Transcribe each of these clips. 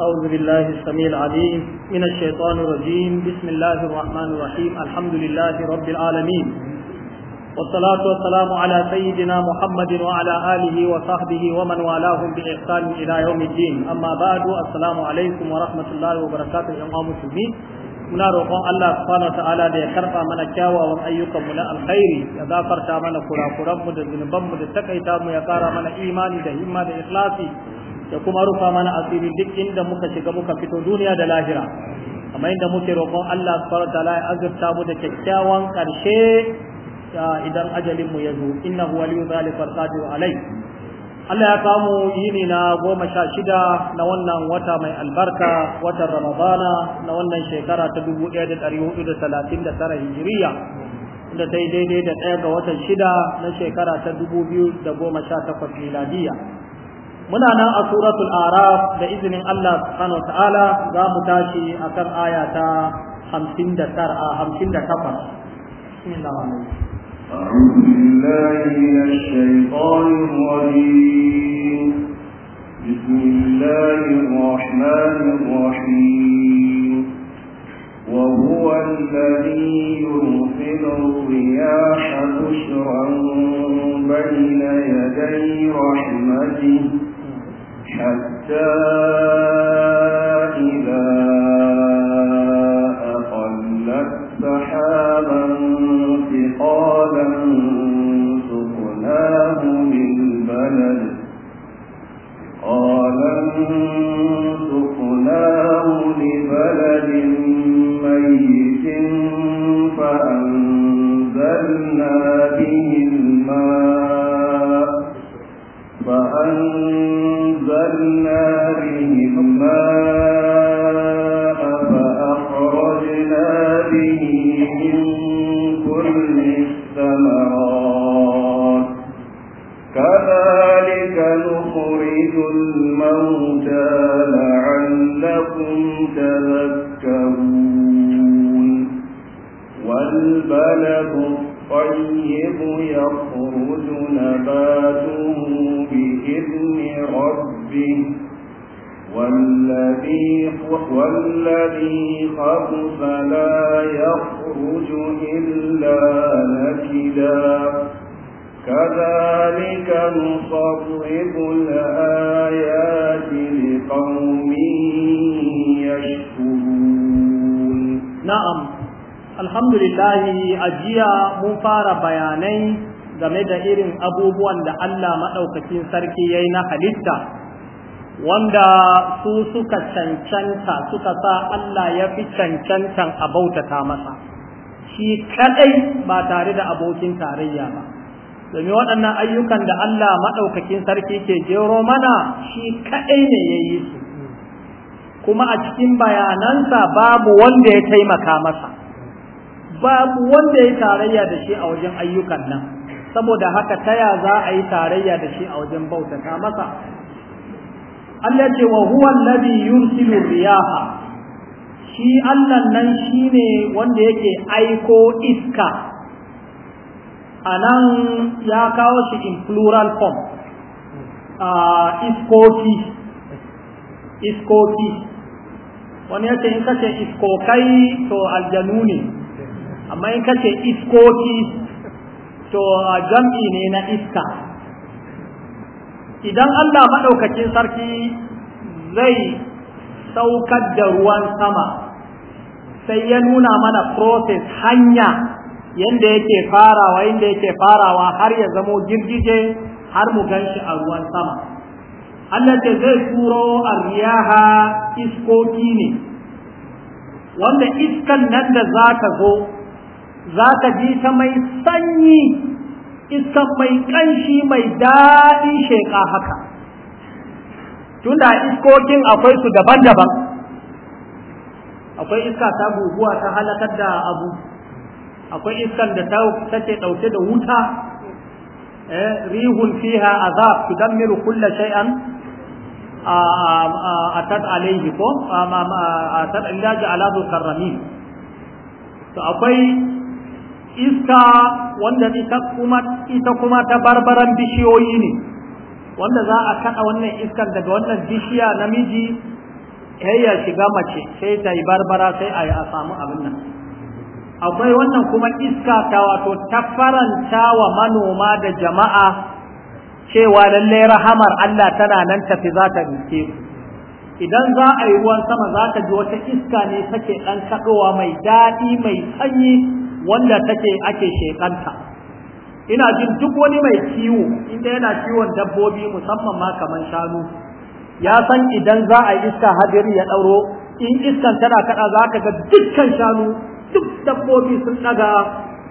أعوذ بالله السميع العليم من الشيطان الرجيم بسم الله الرحمن الرحيم الحمد لله رب العالمين والصلاة والسلام على سيدنا محمد وعلى آله وصحبه ومن والاهم بإحسان إلى يوم الدين أما بعد السلام عليكم ورحمة الله وبركاته يا مسلمين muna roƙon Allah subhanahu ta'ala da ya karɓa mana kyawawan ayyukanmu na alkhairi ya gafarta mana kurakuranmu da zunubanmu da takaita mu ya ƙara mana imani da himma da kuma rufa mana asiri duk inda muka shiga muka fito duniya da lahira kamar inda muke roƙon Allah subhanahu wataala ya azurta mu da kyakkyawan ƙarshe idan ajalin mu ya zo innahu waliyyu zalika qadir alai Allah ya samu yini na goma sha shida na wannan wata mai albarka watan Ramadana na wannan shekara ta dubu ɗaya da ɗari hudu da talatin da tara hijiriya da ta yi daidai da ɗaya ga watan shida na shekara ta dubu biyu da goma sha takwas miladiya. muna nan a suratul araf da izinin Allah subhanahu ta'ala za mu tashi akan aya ta 59 a 58 bismillah أعوذ بالله من الشيطان الرجيم بسم الله الرحمن الرحيم وهو الذي يرسل الرياح بشرا بين يدي رحمته حتى إذا أقلت سحابا ثقالا سقناه من بلد قال سقناه لبلد ميت فأنزلنا به الماء فأنزلنا فأخرجنا به من كل الثمرات كذلك نخرج الموتى لعلكم تذكرون والبلد الطيب يخرج والذي والذي خف لا يخرج إلا نكدا كذلك نصرف الآيات لقوم يشكرون نعم الحمد لله أجيا مفار بياني game da irin abubuwan da Allah maɗaukakin sarki ya yi na halitta wanda su suka cancanta suka sa Allah ya fi cancantan a bautata masa shi kadai ba tare da abokin tarayya ba domin waɗannan ayyukan da Allah maɗaukakin sarki ke jero mana shi kadai ne ya yi su kuma a cikin bayanansa babu wanda ya taimaka masa babu wanda ya tarayya da shi a wajen ayyukan nan saboda haka taya za a yi tarayya da shi a wajen bautata masa Allah ce wa huwa alladhi yursilu riyaha shi Allah nan shi ne wanda yake aiko iska anan ya kawo shi in plural form a iskoki iskoki wani yake in kace iskokai to aljanu ne amma in kace iskoki to jam'i ne na iska idan Allah maɗaukacin sarki zai saukar da ruwan sama sai ya nuna mana process hanya yanda yake farawa yadda yake farawa har ya zamo girgije har mu ganshi a ruwan sama Allah ce zai turo arriyaha iskoki ne wanda iskan nan da za ka zo za ka ji ta mai sanyi iska mai kanshi mai daɗi sheƙa haka tunda iskokin akwai su daban-daban akwai iska ta guguwa ta halakar da abu akwai iskan da ta take ɗauke da wuta eh, rihun fiha azab miru kulla shay'an atat alaihi ko atat illaji ala karrami to akwai iska wanda ita kuma ita kuma ta barbaran bishiyoyi ne wanda za a kada wannan iskan daga wannan bishiya namiji sai ya shiga mace sai ta yi barbara sai a yi samu abin nan akwai wannan kuma iska ta wato ta faranta wa manoma da jama'a cewa lallai rahamar Allah tana nan tafi za ta rike idan za a yi ruwan sama za ka ji wata iska ne take ɗan kaɗowa mai daɗi mai sanyi wanda take ake shekanta ina jin duk wani mai kiwo inda yana kiwon dabbobi musamman ma kamar shanu ya san idan za a iska hadiri ya dauro in iskan tana kada za ka ga dukkan shanu duk dabbobi sun daga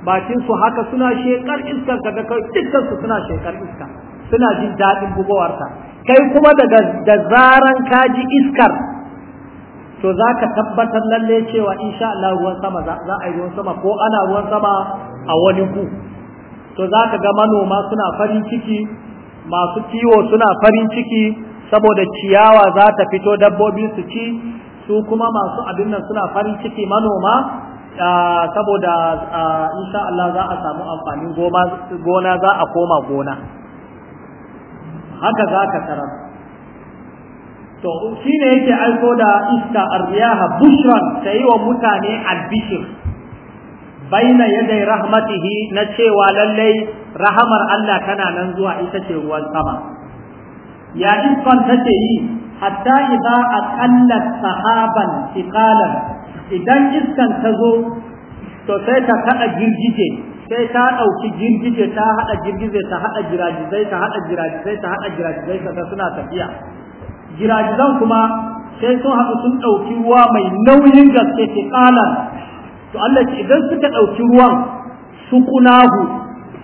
bakin su haka suna shekar iskan kaga kai dukkan su suna shekar iska suna jin daɗin bugowarta kai kuma daga da zaran ka ji iskar to za ka tabbatar lalle cewa insha Allah ruwan sama za a yi ruwan sama ko ana ruwan sama a wani ku to za ka ga manoma suna farin ciki masu kiwo suna farin ciki saboda ciyawa za ta fito dabbobi su ci su kuma masu abin nan suna farin ciki manoma saboda insha Allah za a samu amfanin gona za a koma gona haka za ka tarar to shine yake aiko da iska arriyaha bushran tayi wa mutane albishir baina yaday rahmatihi na cewa lallai rahamar Allah tana nan zuwa ita ce ruwan sama ya iskan take yi hatta idza aqalla sahaban iqalan idan iskan ta zo to sai ta kada girgije sai ta ɗauki girgije ta haɗa girgije ta haɗa jirajizai ta haɗa jirajizai ta haɗa jirajizai ta suna tafiya giragizan kuma sai sun haɗu sun ɗauki ruwa mai nauyin gaske ke ƙalan to Allah ce idan suka ɗauki ruwan su kunahu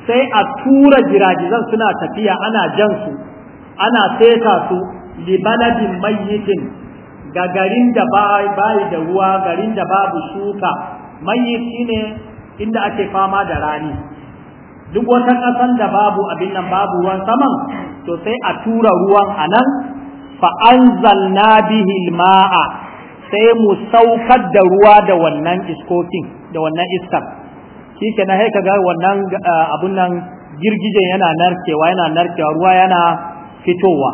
sai a tura giragizan suna tafiya ana jan su ana seta su libanadin, baladin mayyitin ga garin da bayi da ruwa garin da babu shuka mayyiti ne inda ake fama da rani duk wata ƙasan da babu abin nan babu ruwan saman to sai a tura ruwan a nan fa'anzalna bihi ma'a sai mu saukar da ruwa da wannan iskokin da wannan iskar shi ke na haika ga wannan eh, abun nan girgijen yana narkewa yana narkewa ruwa yana fitowa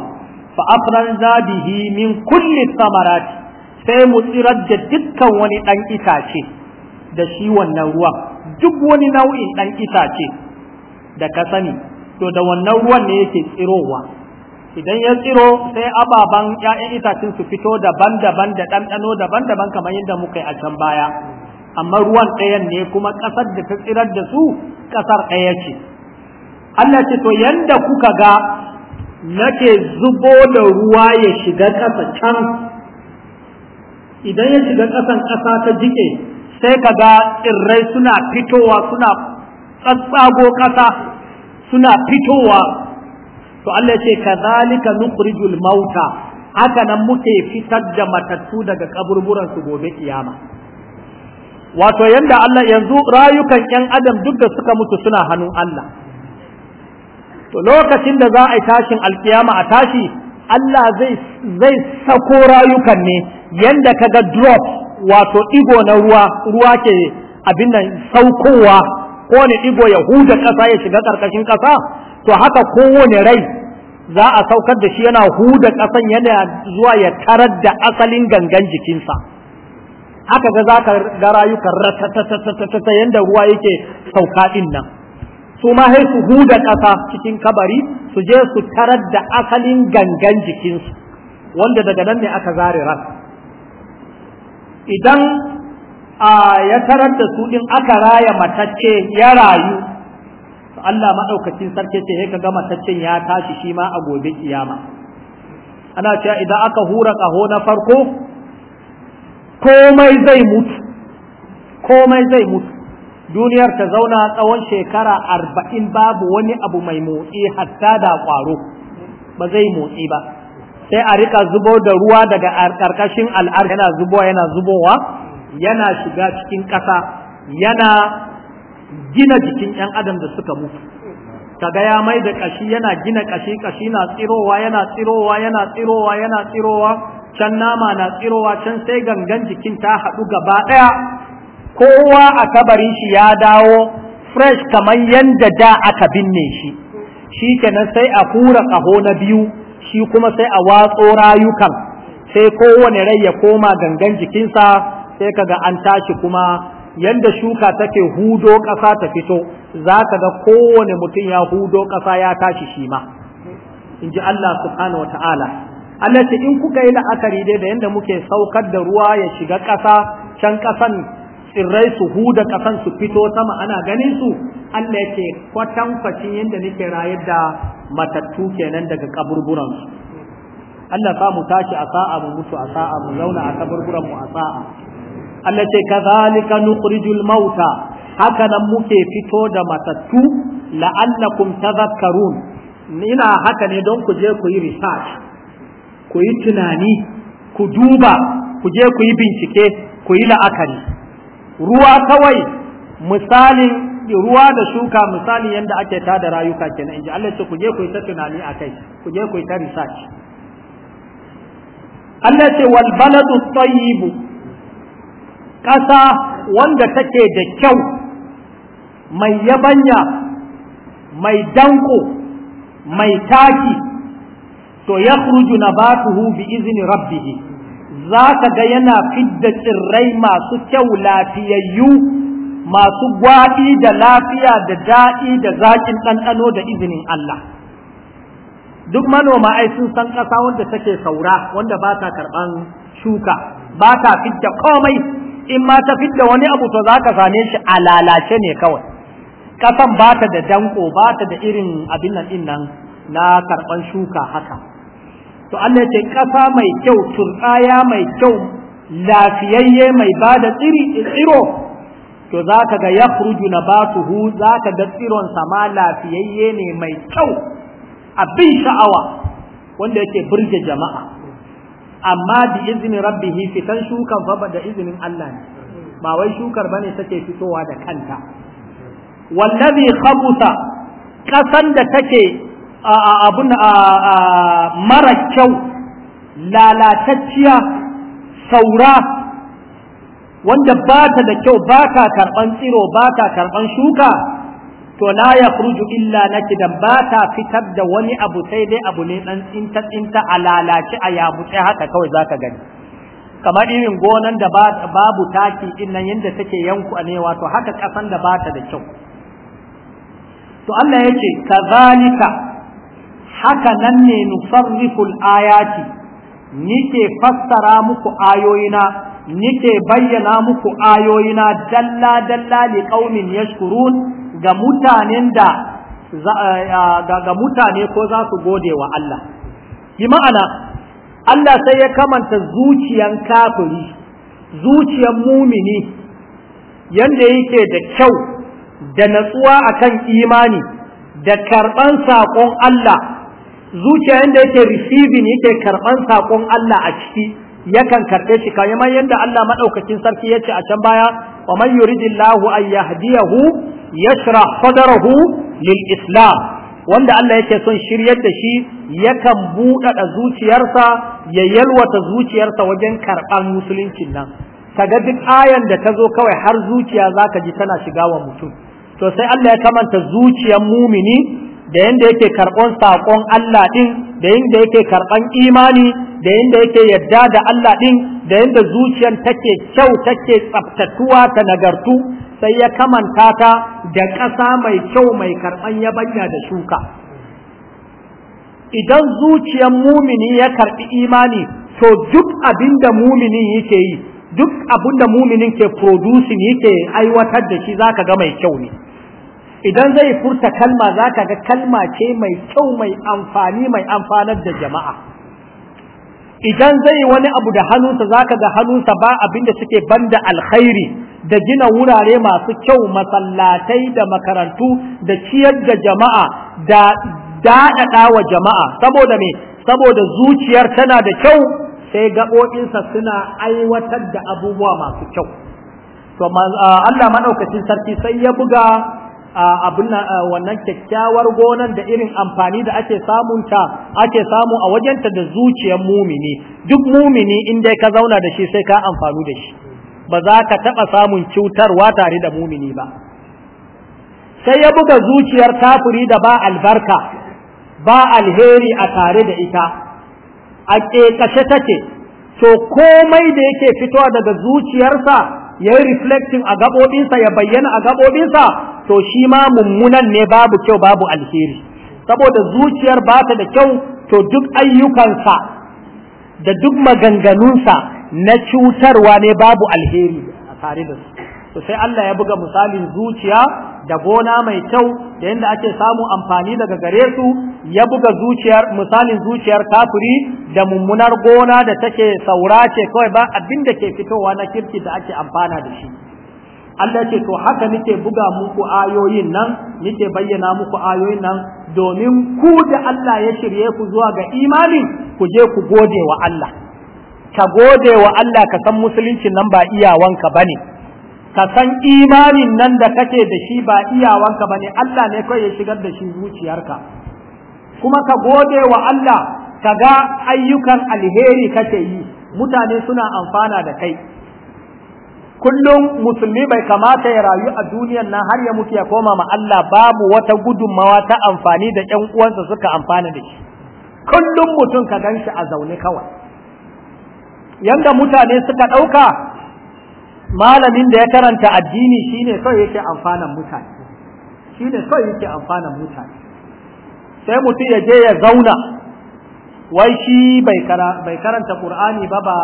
fa'afranza bihi min kulli samarati sai mu tsirar da dukkan wani ɗan itace da shi wannan ruwan duk wani nau'in ɗan itace da ka sani to da wannan ruwan ne yake tsirowa idan ya tsiro sai ababan ‘ya'yan itacen su fito daban-daban da ɗanɗano daban-daban kamar yadda muka yi a can baya amma ruwan ɗayan ne kuma ƙasar da ta tsirar da su ƙasar ɗaya ce Allah ce to yanda kuka ga nake zubo da ruwa ya shiga ƙasa can idan ya shiga ƙasan ƙasa ta jike sai ka ga tsirrai suna fitowa suna tsatsago ƙasa suna fitowa to Allah ya ce kadhalika nukhrijul mauta haka nan muke fitar da matattu daga kaburburan su gobe kiyama wato yanda Allah yanzu rayukan yan adam duk da suka mutu suna hannun Allah to lokacin da za a yi tashin alkiyama a tashi Allah zai zai sako rayukan ne yanda kaga drop wato igo na ruwa ruwa ke abin nan saukowa ko ne igo ya huda kasa ya shiga karkashin kasa to haka kowane rai za a saukar da shi yana huda ƙasan yana zuwa ya tarar da asalin gangan jikinsa haka ga za ka ga rayukan ratatatata yadda ruwa yake sauka ɗin nan su ma sai su huda ƙasa cikin kabari su je su tarar da asalin gangan jikinsu wanda daga nan ne aka zare ran idan a ya tarar da su ɗin aka raya matacce ya rayu Allah madaukakin sarki ce sai kaga matacin ya tashi shi ma a gobe kiyama ana cewa idan aka hura kaho na farko komai zai mutu komai zai mutu duniyar ta zauna tsawon shekara arba'in babu wani abu mai motsi hatta da kwaro ba zai motsi ba sai a rika zubo da ruwa daga karkashin al'ar yana yana zubowa yana shiga cikin ƙasa yana gina jikin ‘yan adam da suka mutu kaga ya mai da ƙashi yana gina ƙashi ƙashi na tsirowa yana tsirowa yana tsirowa yana tsirowa can nama na tsirowa can sai gangan jikin ta haɗu gaba ɗaya kowa a kabarin shi ya dawo fresh kamar yadda da aka binne shi shi kenan sai a hura ƙaho na biyu shi kuma sai a watso rayukan sai kowane rai ya koma gangan jikinsa sai kaga an tashi kuma yanda shuka take hudo ƙasa ta fito za ka ga kowane mutum ya hudo ƙasa ya tashi shi ma in ji Allah subhanahu wa ta'ala Allah ce in kuka yi la'akari dai da yanda muke saukar da ruwa ya shiga ƙasa can ƙasan tsirrai su huda ƙasan su fito sama ana ganin su Allah ya ce fashin yanda nake rayar da matattu kenan daga kaburburansu Allah sa mu tashi a sa'a mu mutu a sa'a mu zauna a kaburburan mu a sa'a Allah ce kazalika nukhrijul mauta haka nan muke fito da matattu la'allakum tadhakkarun ina haka ne don ku je ku yi research ku yi tunani ku duba ku je ku yi bincike ku yi la'akari ruwa kawai misalin ruwa da shuka misalin yadda ake tada rayuka kenan ji Allah ce ku je ku yi ta tunani akai ku je ku yi ta research Allah ce wal baladu tayyibu ƙasa wanda take da kyau mai yabanya mai danko mai taki to ya kuruju na bi izini rabbihi za ka ga yana fidda tsirrai masu kyau lafiyayyu masu gwaɗi da lafiya da daɗi da zaƙin ɗanɗano da izinin Allah duk manoma ai sun san ƙasa wanda take saura wanda ba ta karɓan shuka ba ta fidda komai in ma ta fidda wani abu to za ka same shi a lalace ne kawai Ƙasan ba ta da danko ba ta da irin abin nan din nan na karban shuka haka to Allah ya ce ƙasa mai kyau turɓaya mai kyau lafiyayye mai ba da tsiri tsiro to za ka ga ya furuju na batuhu za ka ga tsiron sama lafiyayye ne mai kyau abin sha'awa wanda yake burge jama'a amma bi izinin rabbihi fitan shukan fa da izinin Allah ne ba wai shukar bane take fitowa da kanta wallazi khabusa kasan da take abun mara kyau lalatacciya saura wanda ba ta da kyau ba ka karɓan tsiro ba ka karɓan shuka to la yakhruju illa nakidan ba ta fitar da wani abu sai dai abu ne dan tsinta tsinta a lalace a yabuce haka kawai zaka gani kamar irin gonan da babu taki din nan yanda take yanku a ne wato haka kasan da bata da kyau to Allah yace kazalika haka nan ne nufarriful ayati nike fassara muku ayoyina nike bayyana muku ayoyina dalla dalla li qaumin yashkurun ga mutanen da ga mutane ko za su gode wa Allah bi ma'ana Allah sai ya kamanta zuciyan kafiri zuciyan mumini yanda yake da kyau da natsuwa akan imani da karban saƙon Allah zuciya yanda yake receiving yake karban saƙon Allah a ciki yakan karɓe shi kamar yanda Allah madaukakin sarki ya ce a can baya wa man yuridillahu an lil islam wanda Allah yake son shiryar da shi yakan buɗaɗa zuciyarsa ya yalwata zuciyarsa wajen karɓar musuluncin nan kaga duk ayan da ta zo kawai har zuciya zaka ji tana shiga wa mutum to sai Allah ya kamanta zuciyar mumini da yanda yake karɓon saƙon Allah ɗin da yanda yake karɓan imani da yanda yake yadda da Allah ɗin da yanda zuciyar take kyau take tsaftatuwa ta nagartu sai ya kamanta ta da ƙasa mai kyau mai karɓan yabanya da shuka idan zuciyar mumini ya karɓi imani to duk abinda mumini yake yi duk abinda muminin ke producing yake aiwatar da shi zaka ga mai kyau ne idan zai furta kalma za ka ga kalma ce mai kyau mai amfani mai amfanar da jama'a idan zai wani abu da hannunsa za ka ga hannunsa ba abinda suke banda alkhairi da gina wurare masu kyau masallatai da makarantu da ciyar da jama'a da daɗaɗa wa jama'a saboda me saboda zuciyar tana da kyau sai gaɓoɓinsa suna aiwatar da abubuwa masu kyau to Allah maɗaukacin sarki sai ya buga abin wannan kyakkyawar gonan da irin amfani da ake samunta ake samu a wajenta da zuciyar mumini duk mumini in dai ka zauna da shi sai ka amfanu da shi ba za ka taɓa samun cutarwa tare da mumini ba sai ya buga zuciyar kafiri da ba albarka ba alheri a tare da ita a ƙeƙashe take to komai da yake fitowa daga zuciyarsa ya yi reflecting a gaɓoɓinsa ya bayyana a gaɓoɓinsa to shi ma mummunan ne babu kyau babu alheri saboda zuciyar ba ta da kyau to duk ayyukansa da duk maganganunsa na cutarwa ne babu alheri a tare da su to sai Allah ya buga misalin zuciya da gona mai kyau da yanda ake samu amfani daga gare su ya buga zuciyar misalin zuciyar kafiri da mummunar gona da take saura ce kawai ba abin da ke fitowa na kirki da ake amfana da shi Allah ce to haka nake buga muku ayoyin nan nake bayyana muku ayoyin nan domin ku da Allah ya shirye ku zuwa ga imani ku je ku gode wa Allah ka gode wa Allah ka san musuluncin nan ba iyawanka bane ka san imanin nan da kake da shi ba iyawanka ba ne Allah ne kawai ya shigar da shi zuciyarka kuma ka gode wa Allah ka ga ayyukan alheri kake yi mutane suna amfana da kai kullum musulmi bai kamata ya rayu a duniyan nan har ya mutu ya koma ma Allah babu wata gudunmawa ta amfani da ƴan uwansa suka amfana da shi kullum mutum ka gan shi a zaune kawai yanda mutane suka ɗauka malamin da ya karanta addini shine kawai yake amfanan mutane shine kawai yake amfanan mutane sai mutum ya je ya zauna wai shi bai karanta qur'ani ba ba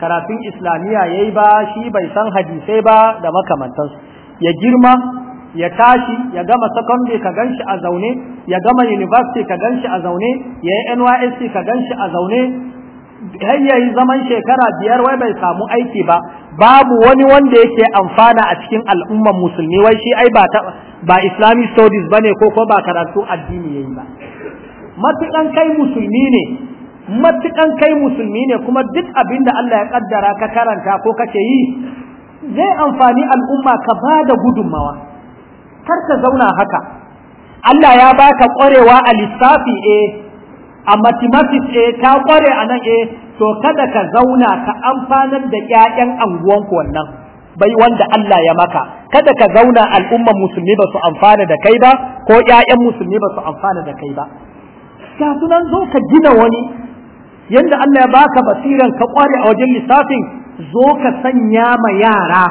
karatun islamiyya yayi ba shi bai san hadisai ba da makamantansu ya girma ya tashi ya gama secondary ka ganshi a zaune ya gama university ka ganshi a zaune ya yi NYSC ka ganshi a zaune har yayi zaman shekara biyar wai bai samu aiki ba babu wani wanda yake amfana a cikin al'umman musulmi wai shi ai ba ba islamic studies bane ko ko ba karatu addini yayi ba matukan kai musulmi ne matukan kai musulmi ne kuma duk abin da Allah ya kaddara ka karanta ko kake yi zai amfani al'umma ka ba da gudunmawa kar ka zauna haka Allah ya baka ƙwarewa a lissafi eh a mathematics eh ka kware a nan eh to kada ka zauna ka amfanar da ƴaƴan anguwanku wannan bai wanda Allah ya maka kada ka zauna al'umman musulmi ba su amfana da kai ba ko 'ya'yan musulmi ba su amfana da kai ba ka sunan zo ka gina wani yanda Allah ya baka basiran ka kware a wajen lissafin zo ka sanya ma yara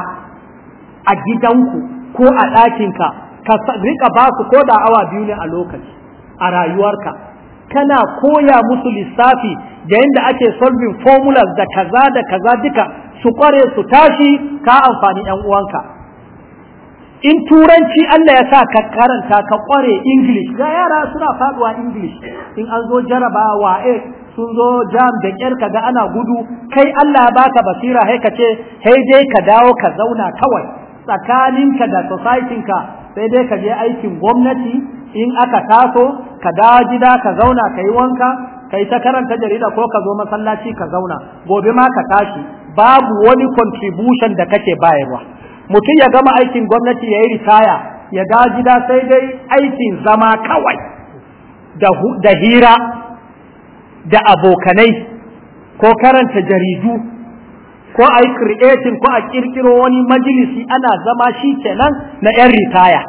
a gidanku ko a ɗakinka ka rika ba su ko da awa biyu ne a lokaci a rayuwarka kana koya musu lissafi da yadda ake solving formulas da kaza da kaza duka su kware su tashi ka amfani yan uwanka in turanci Allah ya sa ka karanta ka kware English ga yara suna faduwa English in an zo jarabawa eh sun zo jam da kyar ga ana gudu kai Allah ya baka basira hai ka ce hai dai ka dawo ka zauna kawai tsakaninka da ka sai dai ka je aikin gwamnati in aka taso ka da gida ka zauna ka yi wanka ka yi ta karanta jarida ko ka zo masallaci ka zauna gobe ma ka tashi babu wani contribution da kake bayarwa mutum ya gama aikin gwamnati ya yi ritaya ya da gida sai dai aikin zama kawai da hira da abokanai ko karanta jaridu ko a yi ko a kirkiro wani majalisi ana zama shi kenan na 'yan ritaya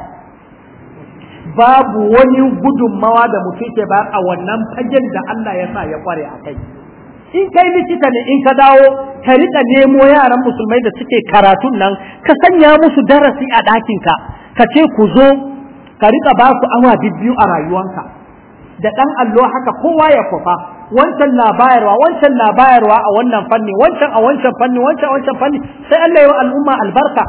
babu wani gudunmawa da mutum ke ba a wannan fagen da Allah ya sa ya kware a kai in kai likita ne in ka dawo ka riƙa nemo yaran musulmai da suke karatun nan ka sanya musu darasi a ɗakinka ka ce ku zo ka riƙa ba su awa biyu a rayuwanka da ɗan allo haka kowa ya kwafa wancan na bayarwa wancan na bayarwa a wannan fanni wancan a wancan fanni wancan a wancan fanni sai Allah ya wa al'umma albarka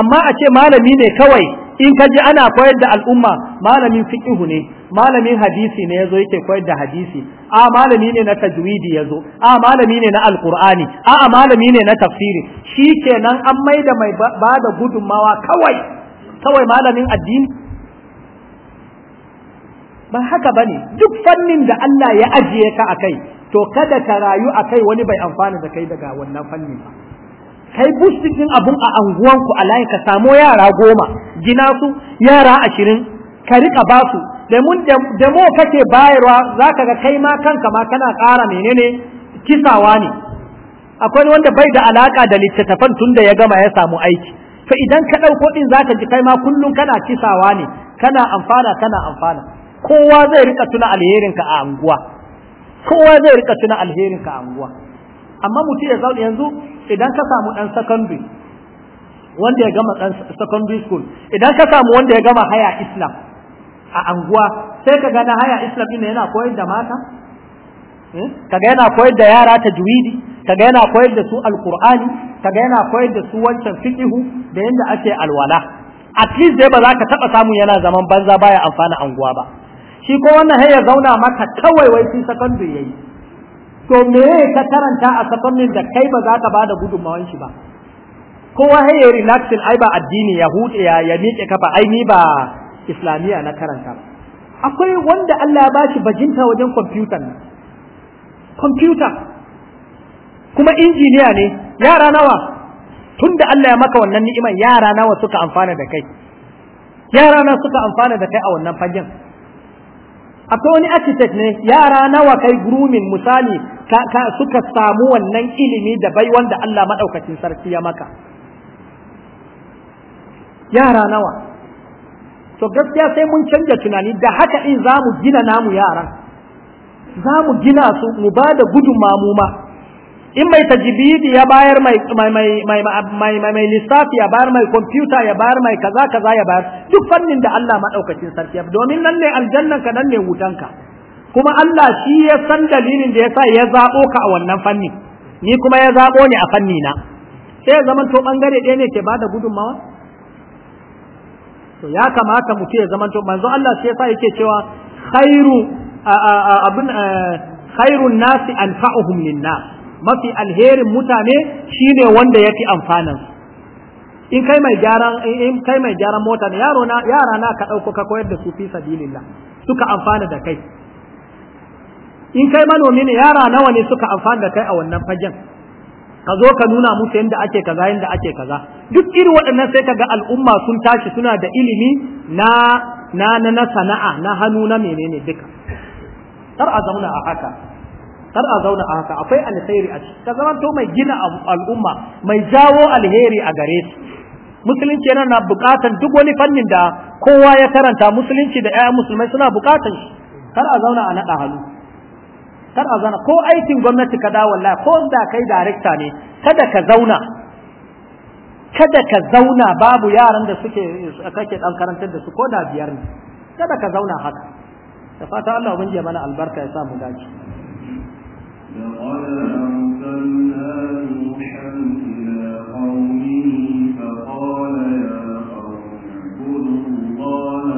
amma a ce malami ne kawai in ka ji ana koyar da al'umma malamin fiqhu ne malamin hadisi ne yazo yake koyar da hadisi a malami ne na tajwidi yazo a malami ne na alqur'ani a malami ne na tafsiri shikenan an maida mai bada gudunmawa kawai kawai malamin addini ba haka bane duk fannin da Allah ya ajiye ka akai to kada ka rayu akai wani bai amfana da kai daga wannan fannin ba kai busti din abun a anguwanku a ka samu yara goma gina su yara ashirin ka rika ba su da mu kake bayarwa za ka ga kai ma kanka ma kana ƙara menene kisawa ne akwai wanda bai da alaka da littattafan tunda ya gama ya samu aiki to idan ka ɗauko ɗin za ka ji kai ma kullum kana kisawa ne kana amfana kana amfana kowa zai rika tuna alherinka a anguwa kowa zai rika tuna alherinka a anguwa amma mutum ya zauna yanzu idan ka samu ɗan secondary wanda ya gama ɗan secondary school idan ka samu wanda ya gama haya islam a anguwa sai ka gana haya islam ina yana koyar da mata eh? kaga yana koyar da yara ta juwidi kaga yana koyar da su alkur'ani kaga yana koyar da su wancan fiqihu da yadda ake alwala at least dai ba za ka taɓa samun yana zaman banza baya amfana anguwa ba shi ko wannan hayar zauna maka kawai wai sun secondary yayi to me ka karanta a safannin da kai ba za ka bada da gudunmawan shi ba kowa hey relaxing ai ba addini ya hude ya ya miƙe kafa ai ni ba islamiya na karanta akwai wanda Allah ya bashi bajinta wajen kwamfutan ne. kwamfuta kuma injiniya ne yara nawa tun da Allah ya maka wannan ni'iman yara nawa suka amfana da kai yara na suka amfana da kai a wannan fagen akwai wani architect ne yara nawa kai grooming misali ka suka samu wannan ilimi da bai wanda Allah maɗaukacin sarki ya maka yara nawa to gaskiya sai mun canja tunani da haka in za mu gina namu yaran za mu gina su mu ba da gudunma mu ma in mai tajibidi ya bayar mai lissafi ya bayar mai kwamfuta ya bayar mai kaza kaza ya bayar duk fannin da Allah maɗaukacin sarki ya domin nan ne aljannanka nan ne wutanka kuma Allah shi ya san dalilin da ya sa ya zaɓo ka a wannan fanni ni kuma ya zaɓo ni a fanni na sai ya zama to bangare ɗaya ne ke bada da gudunmawa to ya kamata mu ya zama to manzo Allah shi ya sa yake cewa khairu abin eh, khairun nasi anfa'uhum linnas mafi alherin mutane shine wanda yake amfanan in kai mai gyaran in kai mai gyaran mota ne yaro na yara na ka dauko ka koyar da su fi sabilillah suka amfana da kai in kai manomi ne yara nawa ne suka amfana da kai a wannan fagen ka zo ka nuna musu yadda ake kaza yadda ake kaza duk irin waɗannan sai kaga al'umma sun tashi suna da ilimi na na na, sana'a na hannu na menene duka kar a zauna a haka kar a zauna a haka akwai alheri a ciki ka zamanto mai gina al'umma mai jawo alheri a gare su musulunci yana na bukatan duk wani fannin da kowa ya karanta musulunci da 'ya'yan musulmai suna bukatan shi kar a zauna a naɗa hannu kar a zana ko aikin gwamnati ka da wallahi ko da kai darekta ne kada ka zauna kada ka zauna babu yaran da suke kake dan karantar da su ko da biyar ne kada ka zauna haka da fata Allah ubangiji ya mana albarka ya sa mu dace قومه فقال يا قوم اعبدوا الله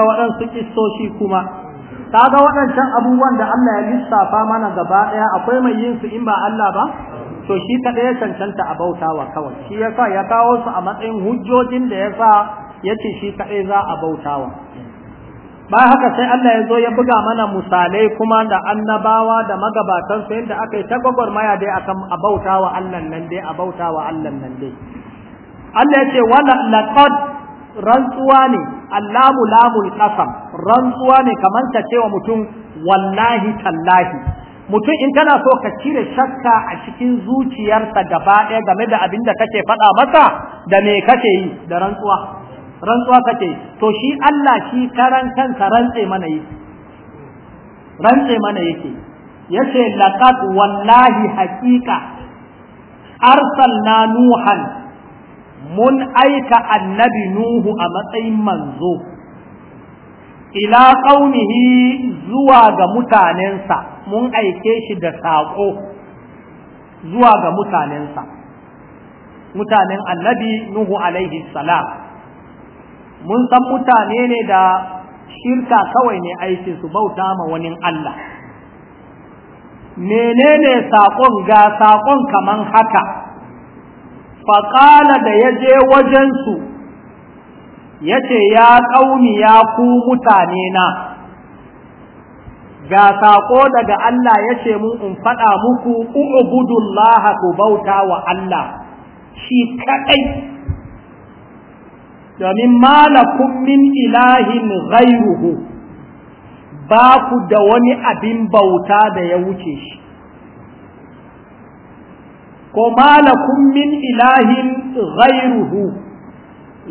ga waɗansu ƙistoshi kuma ta ga waɗancan abubuwan da Allah ya lissafa mana gaba ɗaya akwai mai yin su in ba Allah ba to shi kaɗai ya cancanta a bautawa kawai shi ya sa ya kawo su a matsayin hujjojin da ya sa ya ce shi kaɗai za a bautawa ba haka sai Allah ya zo ya buga mana misalai kuma da annabawa da magabatan su yadda aka yi ta gwagwarmaya dai akan a bautawa Allah nan dai a bautawa Allah nan dai Allah ya ce wala laqad rantsuwa ne allamu lamul qasam rantsuwa ne kamar ta cewa mutum wallahi tallahi mutum in kana so ka cire shakka a cikin zuciyarsa gaba ɗaya game da abin da kake faɗa masa da me kake yi da rantsuwa rantsuwa kake to shi Allah shi karan kansa rantse mana yake rantse mana yake yace laqad wallahi haqiqa arsalna nuhan mun aika annabi Nuhu a matsayin manzo, ila ƙaunihi zuwa ga mutanensa, mun aike shi da saƙo zuwa ga mutanensa, mutanen annabi Nuhu alaihi salam. Mun san mutane ne da shirka kawai ne aikin su bauta ma wani Allah. Menene saƙon ga saƙon kaman haka. faƙala da ya je wajensu ya ce ya ƙauni ya ku mutane na ga saƙo daga Allah ya ce mun in faɗa muku u'budullah ku bauta wa Allah shi kaɗai domin malakun min ilahin ghairuhu ba ku da wani abin bauta da ya wuce shi ko malakum min ilahin ghairuhu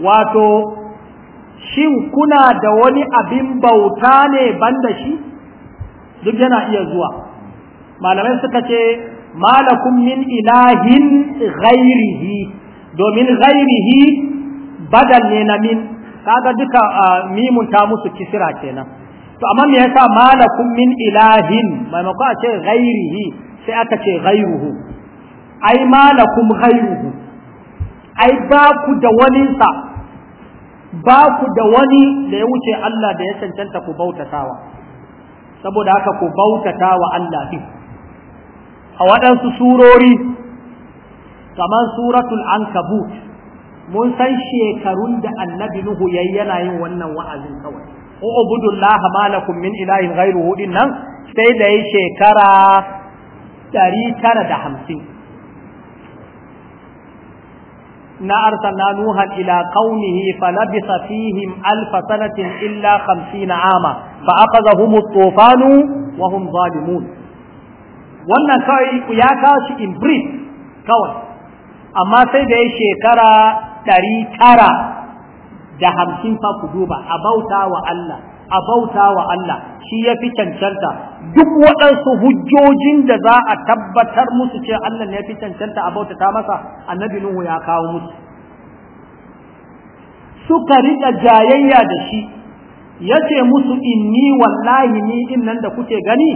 wato shin kuna da wani abin bauta ne banda shi duk yana iya zuwa malamai suka ce malakum min ilahin ghairihi domin ghairihi badal ne na min kaga duka mimun ta musu kisira kenan to amma me yasa malakum min ilahin maimako a ce ghairihi sai aka ce ghairuhu ai malakum haihu. ai ba ku da wani ba ku da wani da ya wuce Allah da ya cancanta ku bautatawa saboda haka ku bautatawa Allah din a waɗansu surori kamar suratul ankabut mun san shekarun da annabi nuhu yayi yana yin wannan wa'azin kawai ubudullaha malakum min ilahin ghairuhu din nan sai da yi shekara 950 na arsalna nuhan ila qaumihi falabisa fihim alf sanatin illa 50 ama fa akhadhahum at-tufanu wa hum zalimun wannan kai ya kashi in brief kawai amma sai da ya shekara ɗari tara da hamsin fa ku duba a wa Allah a bauta wa Allah shi ya fi cancanta duk waɗansu hujjojin da za a tabbatar musu ce Allah ne ya fi cancanta a bautata masa annabi Nuhu ya kawo musu suka riƙa jayayya da shi ya ce musu inni wallahi ni din nan da kuke gani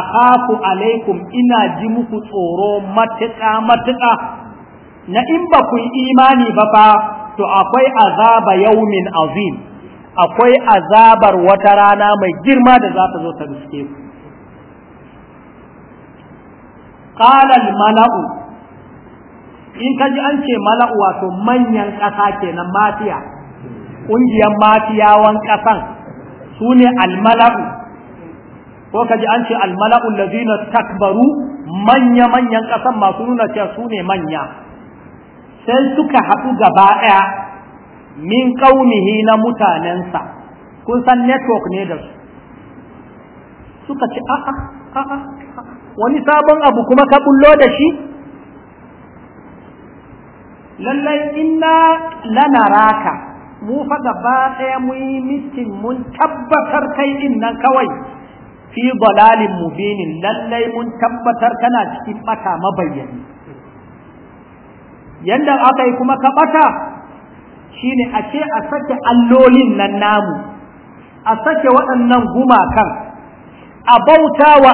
akhafu alaikum ina ji muku tsoro matuƙa matuƙa na in ba ku yi imani ba fa to akwai azaba yaumin azim akwai azabar wata rana mai girma da za ta zo ta riske ku Ƙalal mala'u in ka ji an ce mala'u wato manyan ƙasa kenan mafiya ƙungiyar mafiyawan ƙasan su ne almala'u ko ka ji an ce almala'u lazina takbaru manya-manyan ƙasan masu nuna cewa su ne manya sai suka haɗu gaba ɗaya min kaunihi na mutanensa kun san network ne da su suka ce a'a a'a wani sabon abu kuma ka bullo da shi lallai inna raka, mu fa gaba ɗaya mu yi mitin mun tabbatar kai din nan kawai fi dalalin mubinin lallai mun tabbatar kana cikin bata mabayyani yanda aka yi kuma ka bata shine a ce a sake allolin nan namu a sake waɗannan gumakan a bauta wa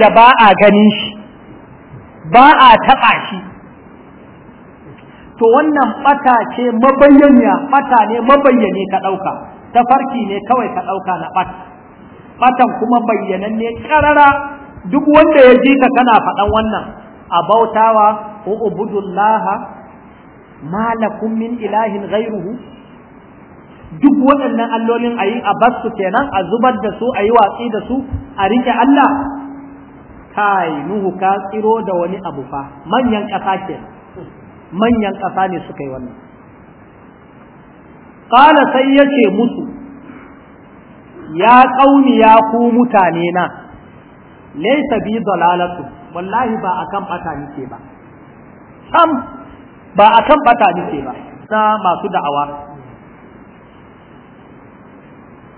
da ba a ganin shi ba a taɓa shi to wannan ɓata ce mabayyaniya ɓata ne mabayyane ka ɗauka Ta farki ne kawai ka ɗauka na ɓata ɓatan kuma bayyanan ne ƙarara duk wanda ya ji ka kana faɗan wannan a bautawa ko ubudullaha malakum min ilahin ghayruhu duk waɗannan allolin a yi a basu kenan a zubar da su a yi watsi da su a rike Allah kai nuhu ka tsiro da wani abu fa manyan ƙasa ke manyan ƙasa ne suka yi wannan qala sai yace musu ya qaumi ya ku mutane na laysa bi dalalatu wallahi ba akan bata nike ba sam ba a kan bata nike ba na masu da'awa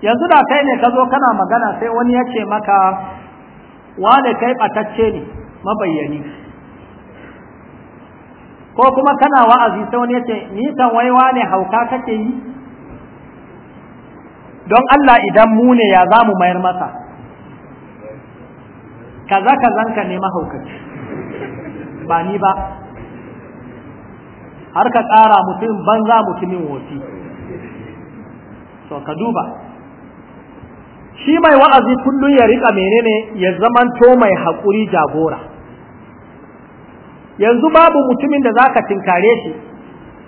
yanzu da kai ne ka zo kana magana sai wani ya ce maka wane kai batacce ne mabayyani ko kuma kana wa'azi sai wani ya ce ni kan wai wane hauka kake yi don Allah idan mu ne ya za mu mayar masa kaza ka ne mahaukaci ba ni ba har ka tsara mutum banza mutumin wasi to ka duba shi mai wa'azi kullum ya rika menene ya zamanto mai haƙuri jagora yanzu babu mutumin da za ka tinkare shi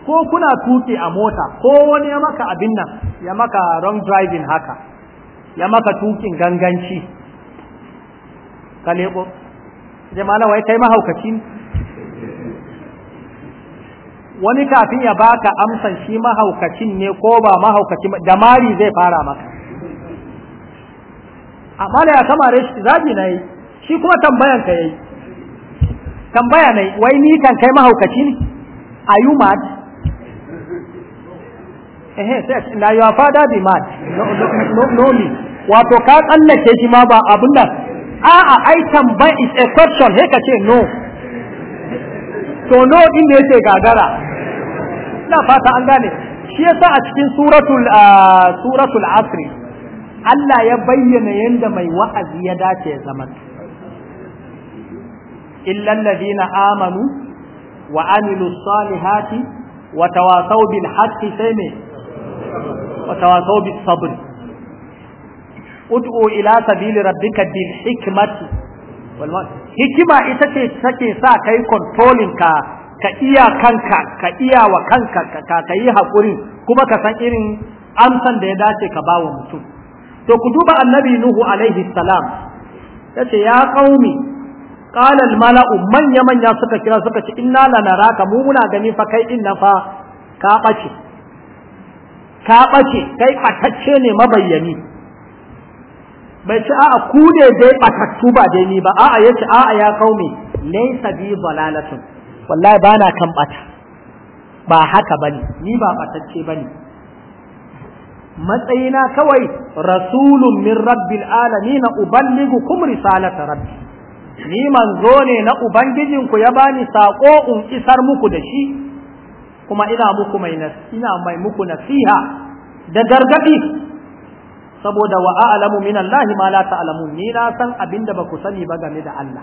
ko kuna tuki a mota ko wani ya maka abin nan ya maka wrong driving haka ya maka tukin ganganci ka leƙo jama'a wai kai mahaukaci wani kafin ya baka amsan shi mahaukacin ne ko ba mahaukacin da mari zai fara maka amma da ya kamare shi zagi na yi shi kuma tambayan ka yi. tambaya na yi, wai ni kan kai mahaukaci ne are you mad eh sai na your father be mad no no no, wato ka tsallake shi ma ba abin da a'a ai tambaya is a question he ka ce no to no din da yake gagara ina fata an gane shi yasa a cikin suratul suratul asr Allah ya bayyana yanda mai wa'azi ya dace ya zama illa alladhina amanu wa amilus salihati wa tawasaw bil haqqi sai ne wa tawasaw bis sabr ud'u ila sabili rabbika bil hikmati hikima ita ce take sa kai controlling ka ka iya kanka ka iya wa kanka ka ka yi hakuri kuma ka san irin amsan da ya dace ka bawa mutum to ku duba annabi nuhu alaihi salam yace ya qaumi qala al mala'u manya manya suka kira suka ce inna lanaraka mu muna gani fa kai inna fa ka bace ka bace kai atacce ne mabayyani bai ci a'a ku ne dai batattu ba dai ni ba a'a ya ci a'a ya kaumi laysa sabi dalalatun wallahi bana kan bata ba haka bane ni ba batacce bane matsayina kawai rasulun min rabbil alamin kum risalata rabbi ni manzo ne na ubangijin ku ya bani sako in isar muku da shi kuma ina muku mai ina mai muku nasiha da gargadi saboda wa a'lamu min Allah ma la ta'lamun ni na san abinda ba ku sani ba game da Allah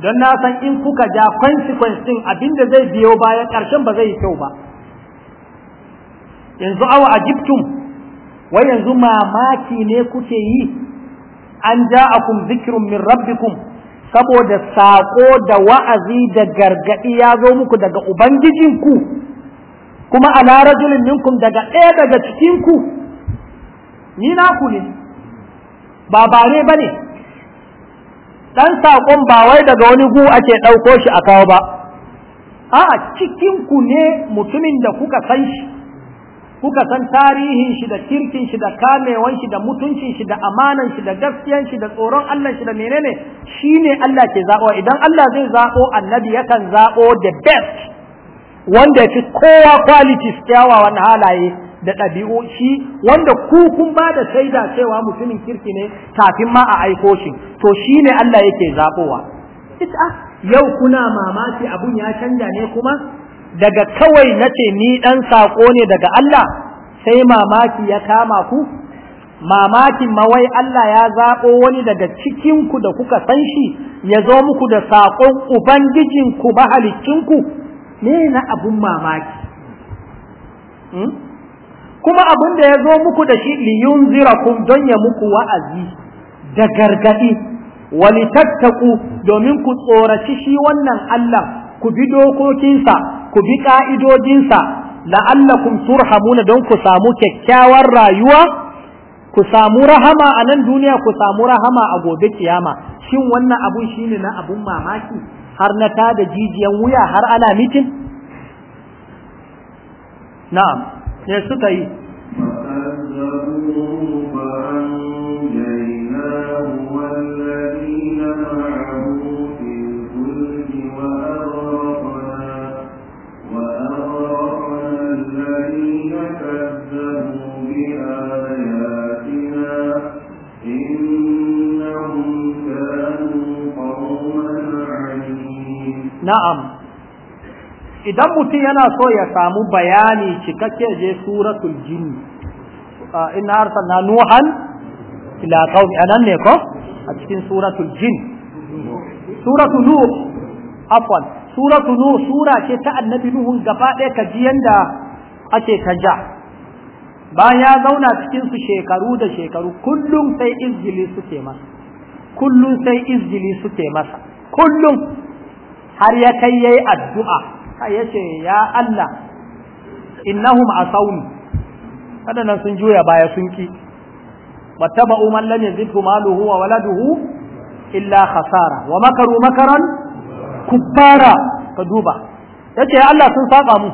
don na san in kuka ja consequence din abinda zai biyo baya karshen ba zai kyau ba yanzu awa ajibtum wa yanzu mamaki ne kuke yi an ja'akum dhikrun min rabbikum saboda sako da wa'azi da gargadi ya zo muku daga ubangijinku kuma ala rajulin minkum daga ɗaya daga cikinku ku ni naku ne ba bare ba ne ɗan saƙon ba wai daga wani gu ake ɗauko shi a kawo ba a cikinku ne mutumin da kuka san shi kuka san tarihin shi da kirkin shi da kamewan shi da mutuncin shi da amanan shi da gaskiyan shi da tsoron Allah shi da menene shine Allah ke zabo idan Allah zai zabo annabi yakan zabo the best wanda fi kowa qualities kyawawan halaye da ɗabi'u shi wanda ku kun ba da shaida cewa mutumin kirki ne kafin ma a aiko shi to shi ne Allah yake zaɓowa ita ah, yau kuna mamaki abun ya canja ne kuma daga kawai na ce ni ɗan saƙo ne daga Allah sai mamaki ya kama ku mamakin mawai Allah ya zaɓo wani daga cikinku da kuka san shi ya zo muku da saƙon ubangijinku mahalicinku ne na abun mamaki hmm? kuma abin da ya zo muku da shi liyunzirakum don ya muku wa'azi da gargadi tattaku domin ku tsoraci shi wannan Allah ku bi dokokinsa ku bi ka'idodinsa la'allakum turhamuna don ku samu kyakkyawar rayuwa ku samu rahama a nan duniya ku samu rahama a gobe kiyama shin wannan abun shine na abun mamaki har na tada jijiyan wuya har ana mitin na'am ne suka yi na'am idan mutum yana so ya samu bayani cikakke je suratul jinni inna arsalna nuhan ila qaumi anan ne ko a cikin suratul jin suratul nuh afwan suratul nuh sura ce ta annabi nuhu gaba ɗaya ka ji yanda ake ta ja bayan ya zauna cikin su shekaru da shekaru kullum sai izgili suke masa kullum sai izgili suke masa kullum har ya kai yayi addu'a yace ya Allah innahum asawni wadannan sun juya baya sun ki wattaba'u man lam yazidhu maluhu wa waladuhu illa khasara wa makaru makaran kubbara ka duba yace ya Allah sun saba mu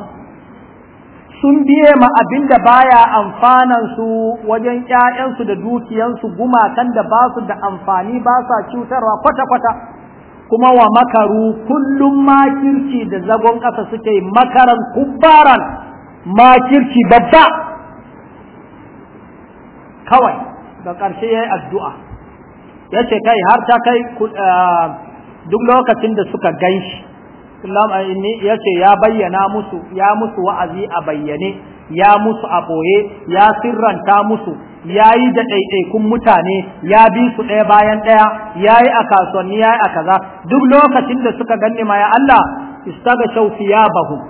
sun biye ma abinda baya amfanan su wajen su da su gumakan da basu da amfani ba sa cutarwa kwata kwata kuma wa makaru kullum makirci da zagon ƙasa suke makaran kubbaran makirci babba kawai da ƙarshe ya yi addu'a ya ce kai har ta kai duk lokacin da suka gan shi ya ce ya bayyana musu ya musu wa'azi a bayyane ya musu a ɓoye ya sirranta musu ya yi da ɗaiɗaikun mutane ya bi su ɗaya bayan ɗaya ya yi a kasuwanni ya yi a kaza duk lokacin da suka ganni ma ya Allah ya thiyabahum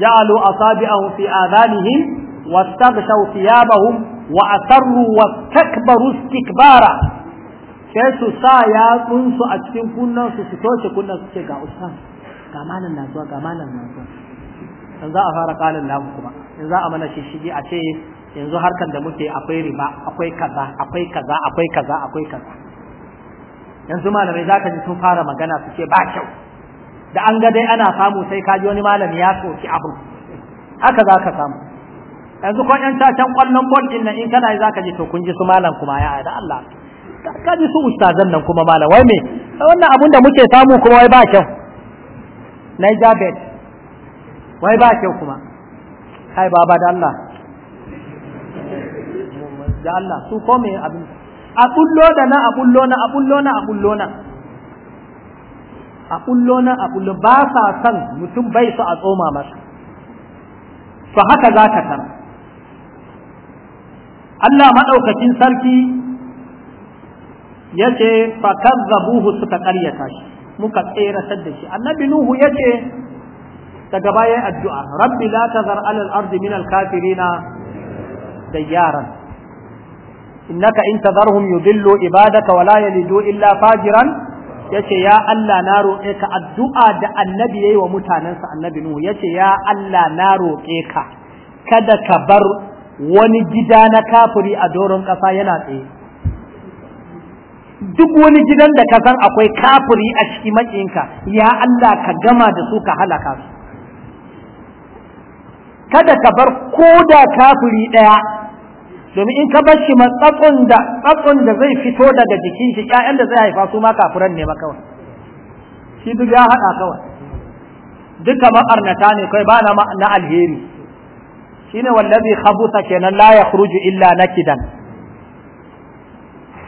ja'alu asabi'ahum fi adhanihim wastaghshaw thiyabahum wa asarru takbaru stikbara sai su sa ya yatsunsu a cikin kunnan su su toshe kunnan su ce ga ustaz ga malam na zuwa ga malam na zuwa yanzu a fara kalin lamu kuma yanzu a mana shishigi a ce yanzu harkar da muke akwai riba akwai kaza akwai kaza akwai kaza akwai kaza yanzu malamai za ka ji sun fara magana su ce ba kyau da an ga dai ana samu sai ka ji wani malami ya soki abu haka za ka samu yanzu ko yan cacan kwallon bol din nan in kana za ka ji to kun ji su malam kuma ya da Allah ka ji su ustazan nan kuma malam wai me wannan abun da muke samu kuma wai ba kyau Niger bed wai ba kyau kuma kai baba da Allah da Allah su ko me abin a kullo da na a kullo na a kullo na a kullo na a kullo na a kullo ba sa san mutum bai su a tsoma masa to haka za ka san Allah maɗaukakin sarki ya ce fakazzabuhu suka karyata shi muka tsere da shi annabi nuhu ya ce daga baya addu'a rabbi la tazar alal ardi min al kafirina da yaran innaka in tadharhum yudillu ibadaka wala yalidu illa fajiran yace ya Allah na roƙe ka addu'a da annabi yayi wa mutanansa annabi Nuhu yace ya Allah na roƙe ka kada ka bar wani gida na kafiri a doron ƙasa yana tsaye duk wani gidan da ka san akwai kafiri a cikin maƙinka ya Allah ka gama da su ka halaka su kada ka bar da kafiri ɗaya domin in ka bar shi matsatsun da tsatsun da zai fito daga jikin shi ƴaƴan da zai haifa su ma kafuran ne ma kawai shi duk ya haɗa kawai duk kamar arnata ne kai ba na na alheri shine wallazi khabutha kenan la yakhruju illa nakidan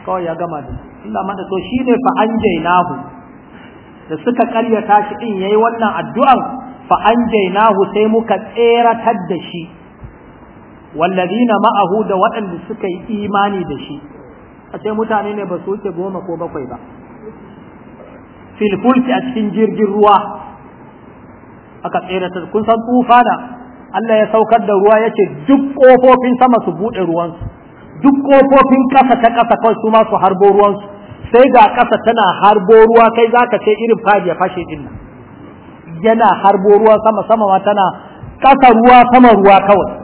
kawai ya gama da Allah mada shi shine fa anjaynahu da suka karyata shi din yayi wannan addu'an fa anjaynahu sai muka tseratar da shi wallazina ma'ahu da waɗanda suka yi imani da shi a ce mutane ne ba su wuce goma ko bakwai ba fil fulki a cikin jirgin ruwa aka tseratar kun san tufa da Allah ya saukar da ruwa yace duk kofofin sama su bude ruwansu duk kofofin ƙasa ta ƙasa kawai su ma su harbo ruwansu sai ga ƙasa tana harbo ruwa kai zaka ce irin fadi ya fashe din yana harbo ruwa sama sama ma tana ƙasa ruwa sama ruwa kawai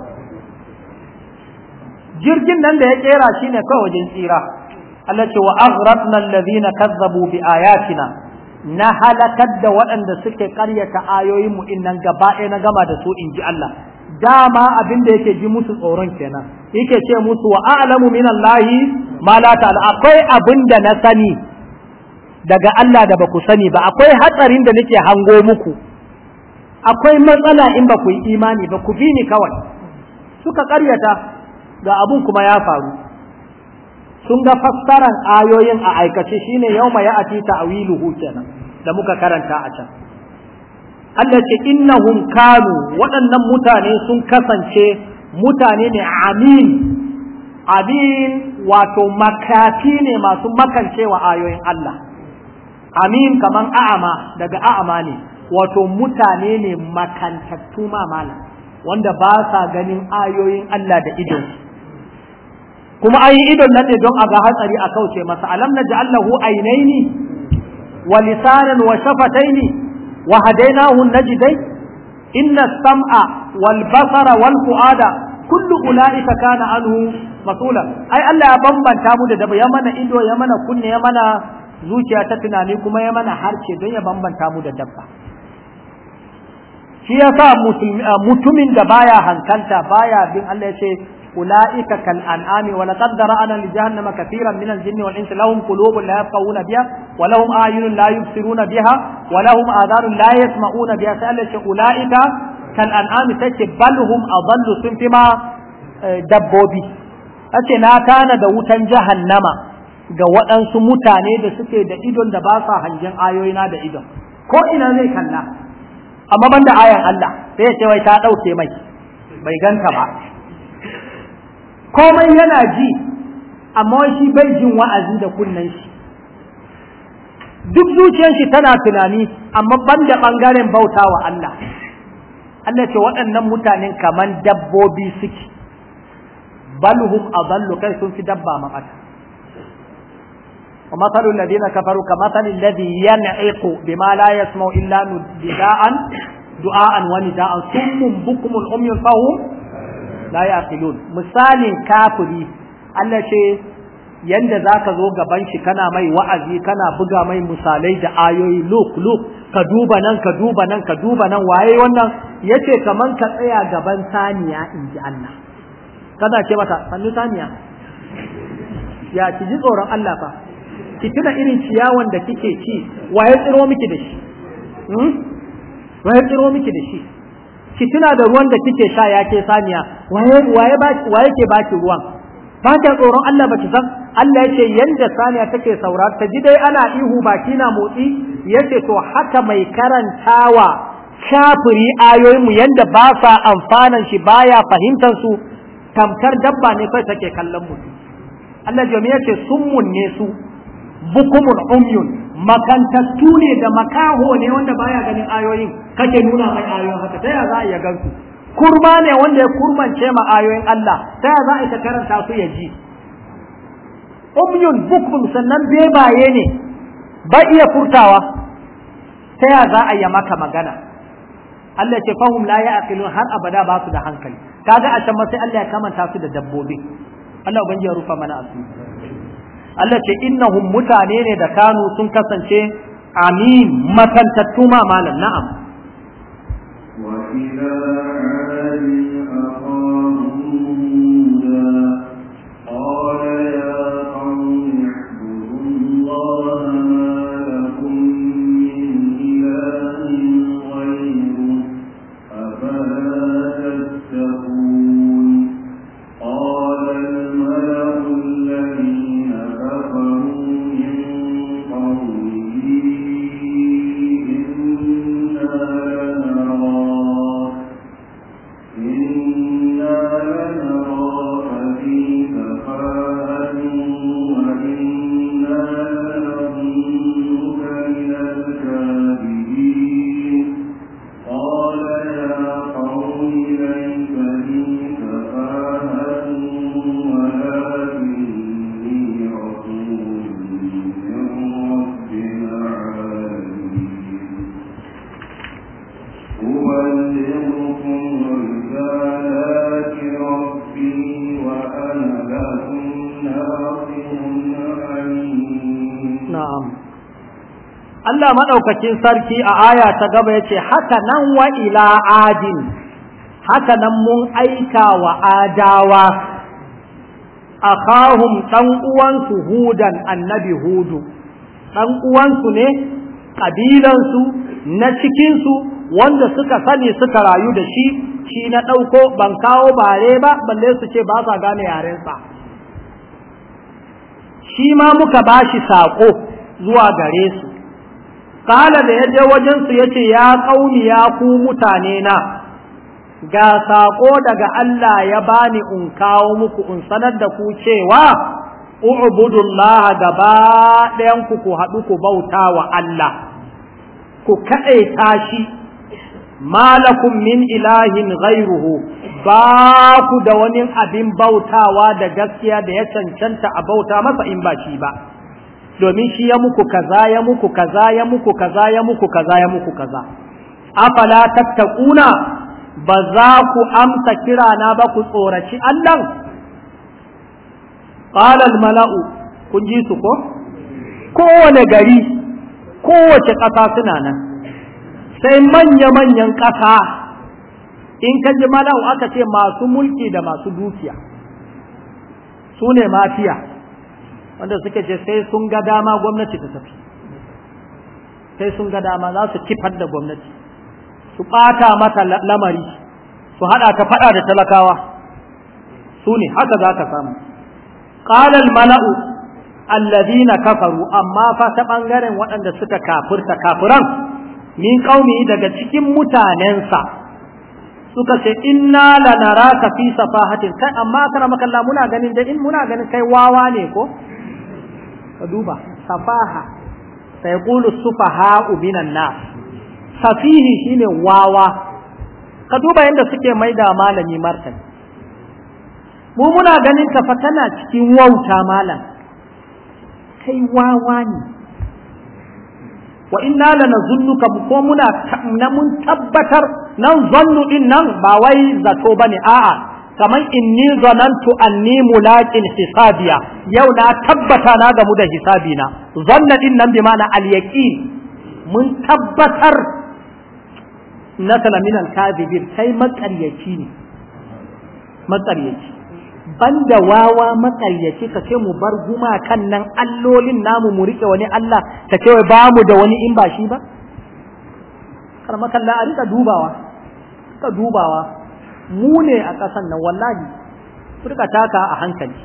jirgin nan da ya kera shi ne kawai wajen tsira Allah ce wa na zina kazzabu bi ayatina na halakar da waɗanda suke karyata ayoyin mu innan gaba ɗaya na gama da su inji Allah dama abin da yake ji musu tsoron kenan yake ce musu wa a'lamu min Allahi ma la akwai abin da na sani daga Allah da baku sani ba akwai hatsarin da nake hango muku akwai matsala in ba ku yi imani ba ku bi ni kawai suka karyata ga abun kuma ya faru sun ga fassaran ayoyin a aikace shine yauma ya ati ta'wiluhu kenan da muka karanta a can Allah ce innahum kanu waɗannan mutane sun kasance mutane ne amin amin wato makafi ne masu makancewa ayoyin Allah amin kaman a'ama daga a'ama ne wato mutane ne makantattu ma malam wanda ba sa ganin ayoyin Allah da idonsu kuma an yi idon nan ne don a ga hatsari a kauce masa alam na ji allahu ainaini wa lisanan wa shafataini wa hadainahu najidai inna sam'a wal basara wal fuada kullu ulaika kana anhu masula ai Allah ya bambanta mu da daba ya mana ido ya mana kunne ya mana zuciya ta tunani kuma ya mana harce don ya bambanta mu da dabba shi ya sa eh, mutumin da baya hankalta baya bin Allah ya ce ulaika kal an'ami wa laqad dara'na li jahannama katiran min al-jinni wal insi lahum qulubun la yafqahuna biha wa lahum a'yunun la Allah ce ulaika kal an'ami sai ce a hum adallu sun fi ma dabbobi ace na da wutan jahannama ga waɗansu mutane da suke da idon da ba sa hangen ayoyina da idon ko ina zai kalla amma banda ayan Allah sai ya ta ɗauke mai ganta ba komai yana ji amma shi bai jin wa'azi da kunnen shi duk zuciyar shi tana tunani amma banda bangaren bauta wa Allah Allah ce waɗannan mutanen kaman dabbobi suke balhum adallu kai sun fi dabba ma mata ومثل aiko. كفروا كمثل الذي ينعق بما لا يسمع إلا نداء دعاء ونداء ثم bukumul umyun فهم la yaqilun misalin kafiri Allah ce yanda zaka zo gaban shi kana mai wa'azi kana buga mai misalai da ayoyi look look ka duba nan ka duba nan ka duba nan waye wannan yace kaman ka tsaya gaban saniya inji Allah kana ce mata sanu saniya ya ki ji tsoron Allah fa ki tuna irin ciyawan da kike ci waye tsiro miki da shi hmm? waye tsiro miki da shi ki tuna da ruwan da kike sha ya ke saniya waye waye ke baki ruwan ba ta tsoron Allah ki san Allah yace yanda saniya take saurar ta ji dai ana ihu bakina na motsi yace to haka mai karantawa kafiri ayoyin mu yanda ba sa amfanan shi baya fahimtar su tamkar dabba ne kai take kallon mu. Allah jami'a ce summun ne su bukumul umyun makantattu ne da makaho ne wanda baya ganin ayoyin kake nuna mai ayoyin haka ta ya za a iya gansu kurma ne wanda ya kurmance ma ayoyin Allah ta ya za a iya karanta su ya ji umyun bukun, sannan bebaye ne ba iya furtawa ta ya za a yi maka magana Allah ce fahum la ya'qilun har abada ba su da hankali kaga a can ma sai Allah ya kamanta su da dabbobi Allah ubangiji ya rufa mana asiri Allah ce innahum mutane ne da kanu sun kasance amin makantattu ma malam na'am wa ila Madaukakin sarki a aya ta gaba yace, hakanan haka nan wa ila adin haka nan mun aika wa adawa a kahun ɗan uwansu hudan annabi hudu uwan su ne kabilan su na cikin su wanda suka sani suka rayu da shi shi na ɗauko ban kawo bare ba balle su ce ba sa gane yarensa shi ma muka bashi sako zuwa gare su kala da ya je wajensu ya ce ya kauni ya ku mutane na ga saƙo daga Allah ya bani in kawo muku in sanar da ku cewa u'budullaha gaba ɗayanku ku haɗu ku bauta wa Allah ku kaɗe shi malakum min ilahin ghairuhu ba ku da wani abin bautawa da gaskiya da ya cancanta a bauta masa in ba shi ba domin shi ya muku kaza ya muku kaza ya muku kaza ya muku kaza ya muku kaza afala tattaquna ba za ku amsa kira na ba ku tsoraci Allah qala al mala'u kun ji su ko kowane gari kowace ƙasa suna nan sai manya manyan ƙasa in ka ji mala'u aka ce masu mulki da masu dukiya su ne mafiya wanda suka ce sai sun ga dama gwamnati ta tafi sai sun ga dama za su kifar da gwamnati su ɓata mata lamari su haɗa ta faɗa da talakawa su ne haka za ka samu ƙalal mala'u na kafaru amma fa ta ɓangaren waɗanda suka kafurta kafuran, min ƙaumi daga cikin mutanensa suka ce inna lanaraka fi safahatin kai amma kana makalla muna ganin da in muna ganin kai wawa ne ko ka duba safaha sai qulu sufaha minan nas safihi shine wawa ka duba yanda suke maida malami martani mu muna ganin ta fa tana cikin wauta malam kai wawa ne wa inna lanazunnuka ko muna na mun tabbatar nan zannu din nan ba wai zato bane a'a kaman inni zanantu anni mulaqin hisabiya yau na tabbata na gamu da hisabina zanna din nan bi ma'ana al yaqin mun tabbatar na min al kadhibin kai makaryaci ne makaryaci banda wawa makaryaci ka ce mu bar guma kan nan allolin namu mu rike wani Allah ka ce ba mu da wani in ba shi ba kar makalla a rika dubawa ka dubawa mu ne a ƙasan nan wallahi furka taka a hankali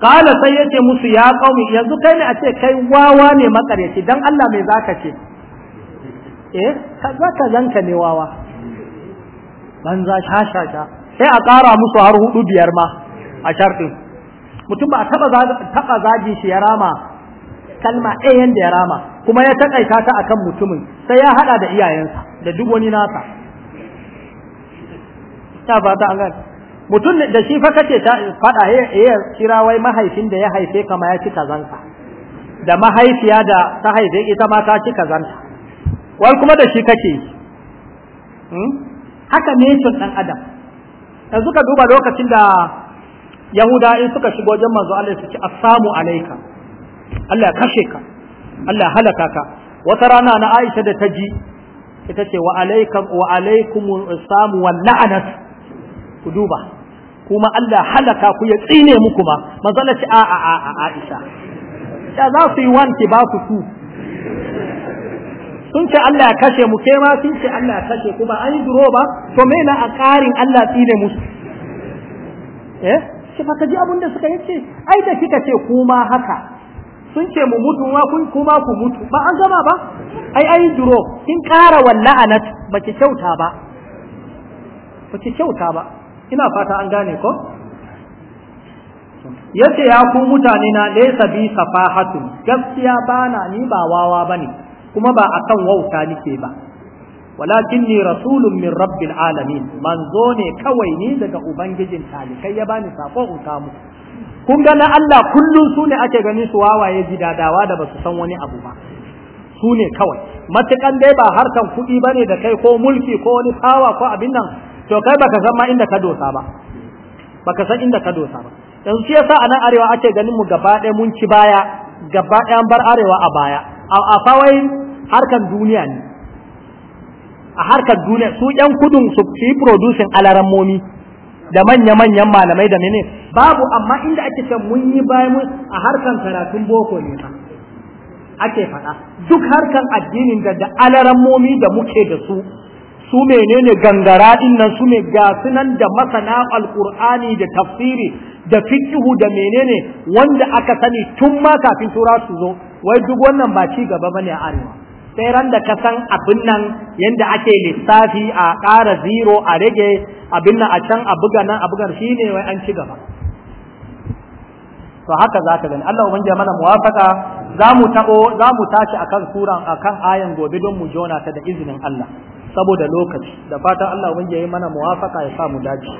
kala sai yake musu ya qaumi yanzu kai ne a ce kai wawa ne makaryaci dan Allah mai zaka ce eh zaka zanka ne wawa banza shashasha sai a ƙara musu har hudu biyar ma a sharfin mutum ba a taɓa zagi shi ya rama kalma ɗayan da ya rama kuma ya taƙaita ta akan mutumin sai ya haɗa da iyayensa da duk wani nasa ta fata an gane mutum da shi fa kace ta fada ya eh, eh, kira wai mahaifin da ya haife ka ma ya ci kazanka da mahaifiya da ta haife ita ma ta ci kazanta wai kuma da shi kake hmm? haka ne cin dan adam dan suka duba lokacin da yahuda in suka shigo wajen manzo Allah su ci assalamu alaikum Allah kashe ka Allah halaka ka wata rana na Aisha da ta ji ita ce wa alaikum wa alaikumus salam wal la'anat ku duba kuma Allah halaka ku ya tsine muku ma manzala ce a a a a Aisha da za su yi wanki ba ku su sun ce Allah ya kashe mu ke ma sun ce Allah ya kashe ku ba an yi duro ba to me na a ƙarin Allah tsine musu eh ce fa ka ji abin da suka yace ai da kika ce kuma haka sun ce mu mutu ma kun kuma ku mutu ba an gama ba ai ai duro kin ƙara walla'anat baki kyauta ba baki kyauta ba ina fata an gane ko yace ya ku mutane na laysa bi safahatun gaskiya bana ni ba wawa bane kuma ba akan wauta nake ba walakinni rasulun min rabbil alamin manzo ne kawai ni daga ubangijin talikai ya bani sako in kamu kun ga na Allah kullum su ne ake ganin su wawaye gidadawa da basu san wani abu ba su ne kawai matukan dai ba harkan kuɗi bane da kai ko mulki ko wani fawa ko abin nan to kai baka san ma inda ka dosa ba baka san inda ka dosa ba yanzu shi yasa anan arewa ake ganin mu gaba ɗaya mun ci baya gaba ɗaya bar arewa a baya a fawai harkar duniya ne a harkar duniya su yan kudun su yi producing alarammomi da manya-manyan malamai da mene babu amma inda ake can mun yi baya mun a harkar karatun boko ne fa ake faɗa duk harkar addinin da da alarammomi da muke da su su menene gangara dinnan su ne gasu nan da masana alqur'ani da tafsiri da fikihu da menene wanda aka sani tun ma kafin tura su zo wai duk wannan ba ci gaba bane a arewa sai ran da ka san abin nan yanda ake lissafi a ƙara zero a rage abin nan a can a buga nan a buga shine wai an ci gaba to haka za ka gani Allah ubangiji mana muwafaka zamu mu tabo zamu tashi akan sura akan ayan gobe don mu jona ta da izinin Allah saboda lokaci da fatan Allah ubangiji yayi mana muwafaka ya sa mu daji.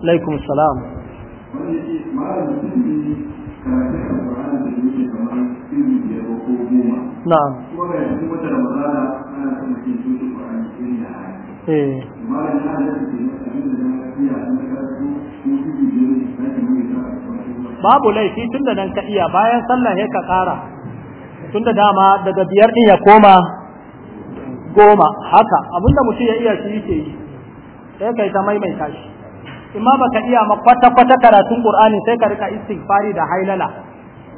alaikum salam na'am eh. babu laifi tun da nan ka iya bayan sallah ya ka kara. tun da dama daga biyar ɗin ya koma goma haka abinda mutum ya iya shi yake yi sai kai ta maimaita shi in ma baka iya ma kwata kwata karatun qur'ani sai ka rika istighfari da hailala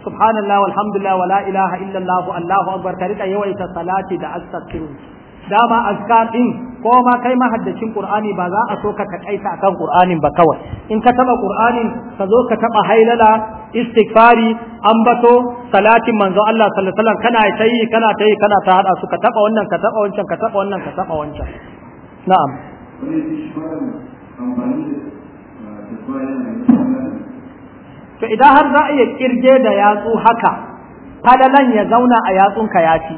subhanallah walhamdulillah wala ilaha illallah allahu akbar ka rika yawaita salati da astaghfirullah dama azkar din ko ma kai mahaddacin qur'ani ba za a so ka kaita akan qur'anin ba kawai in ka taba qur'anin ka zo ka taba hailala istighfari ambato salatin manzo Allah sallallahu alaihi wasallam kana tayi kana tayi kana ta hada su ka taba wannan ka taba wancan ka taba wannan ka taba wancan na'am to idan har za a iya kirge da yatsu haka fadalan ya zauna a yatsunka ya ci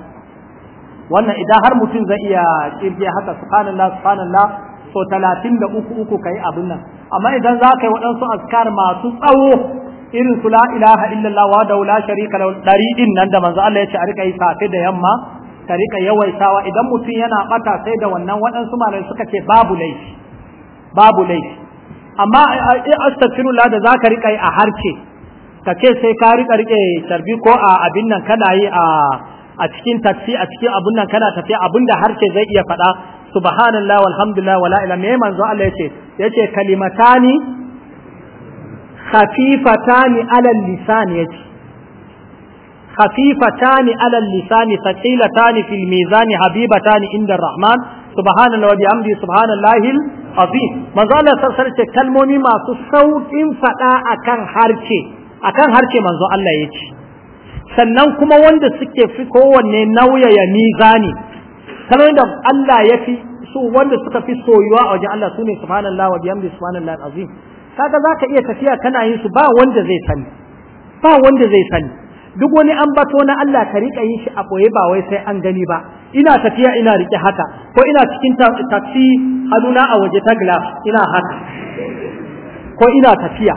wannan idan har mutum zai iya kirge haka subhanallah subhanallah so talatin da uku uku kai abin nan amma idan za ka yi waɗansu askar masu tsawo irin su la ilaha illallah wa da la sharika lahu dari din nan da manzo Allah ya ce a rika yi safe da yamma ka rika yawaitawa idan mutum yana ɓata, sai da wannan waɗansu malamai suka ce babu laifi babu laifi amma eh, astaghfirullah da zaka rika yi a harce ka sai ka rika rike tarbi ko a abin nan kana yi a a cikin taksi a cikin abun nan kana tafiya abun da harshe zai iya faɗa subhanallah walhamdulillah wala ila me manzo Allah yace yace kalimatani khafifatani ala lisan yace خفيفتان على اللسان ثقيلتان في الميزان حبيبتان عند الرحمن سبحان الله وبحمده سبحان الله العظيم manzo Allah sarsar ce kalmomi masu saukin fada akan harce akan harce manzo Allah yace sannan kuma wanda suke fi kowanne nauyaya mizani kamar da Allah ya fi su wanda suka fi soyuwa a wajen Allah sune subhanallah wa bihamdi subhanallah azim kaga zaka iya tafiya kana yin su ba wanda zai sani ba wanda zai sani duk wani ambato na Allah ka rika yin shi a boye ba wai sai an gani ba ina tafiya ina rike haka ko ina cikin taksi hannuna a waje ta glass ina haka ko ina tafiya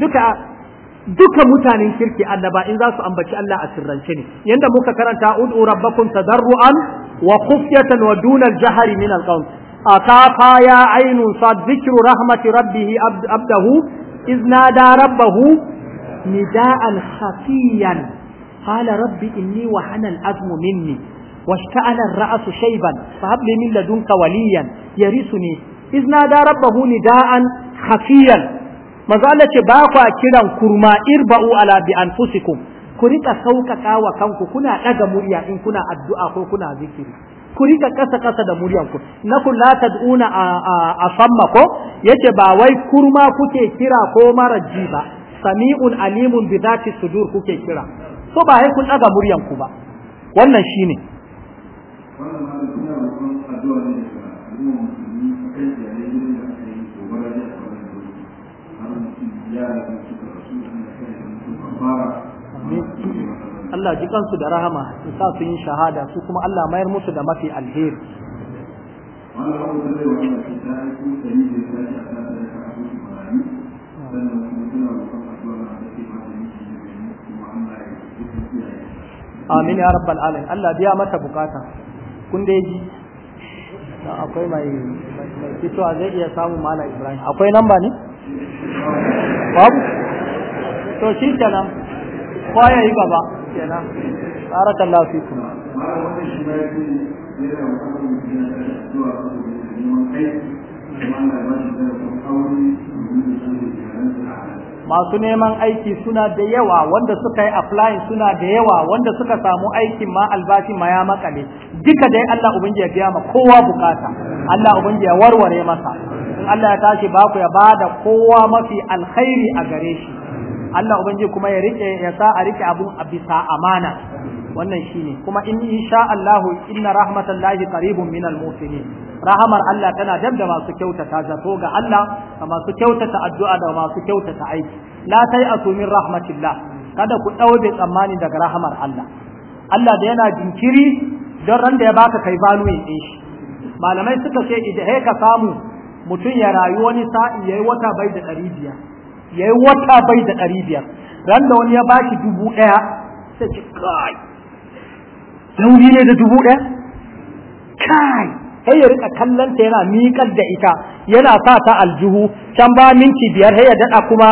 duka duka mutanen kirki annaba in za su ambaci Allah a sirrance ne yanda muka karanta ud'u rabbakum tadarruan wa khufyatan wa duna al-jahri min al-qawl akafa ya aynu sadzikru rahmati rabbih abdahu izna da rabbahu nidaan khafiyan qala rabbi inni wa hana al-azmu minni واشتعل الرأس شيبا فهب لي من لدنك وليا يرثني إذ نادى ربه نداء خفيا manzo Allah ce ba kwa kiran kurma irba'u ala bi anfusikum ku rika sauƙaƙa wa kanku kuna daga murya in kuna addu'a ko kuna zikiri ku rika kasa kasa da muryan ku na kun la tad'una a famma ko yace ba wai kurma kuke kira ko maraji ba sami'un alimun bi dhati sudur kuke kira so ba sai kun daga muryan ku ba wannan shine wannan addu'a ne Allah ji kansu da rahama in sa su yi shahada su kuma Allah mayar musu da mafi alheri amin ya rabbal alamin Allah biya mata bukata kun dai ji akwai mai mai fitowa zai iya samun mala ibrahim akwai namba ne babu to shi kenan ko ya yi gaba kenan barakallahu fikum masu neman aiki suna da yawa wanda suka yi applying suna da yawa wanda suka samu aikin ma albashi ma ya makale duka dai Allah ubangiya ya biya ma kowa bukata Allah ubangiya warware masa Allah ya tashi ba ku ya bada kowa mafi alkhairi a gare shi Allah ubangiji kuma ya rike ya sa a rike abun a bisa amana wannan shine kuma in insha Allah inna rahmatallahi qaribun minal muhsinin rahamar Allah tana dab da masu kyautata zato ga Allah da masu kyautata addu'a da masu kyautata aiki la tai asumin rahmatillah kada ku daube tsammani daga rahamar Allah Allah da yana jinkiri don ran da ya baka kai valuing din shi malamai suka ce idan ka samu mutum ya rayu wani sa'i yayi wata bai da ɗari biyar yayi wata bai da ɗari biyar ran da wani ya ba shi dubu ɗaya sai ce kai dauri ne da dubu ɗaya kai sai ya rika kallon ta yana miƙar da ita yana sa ta aljihu can ba minti biyar sai ya daɗa kuma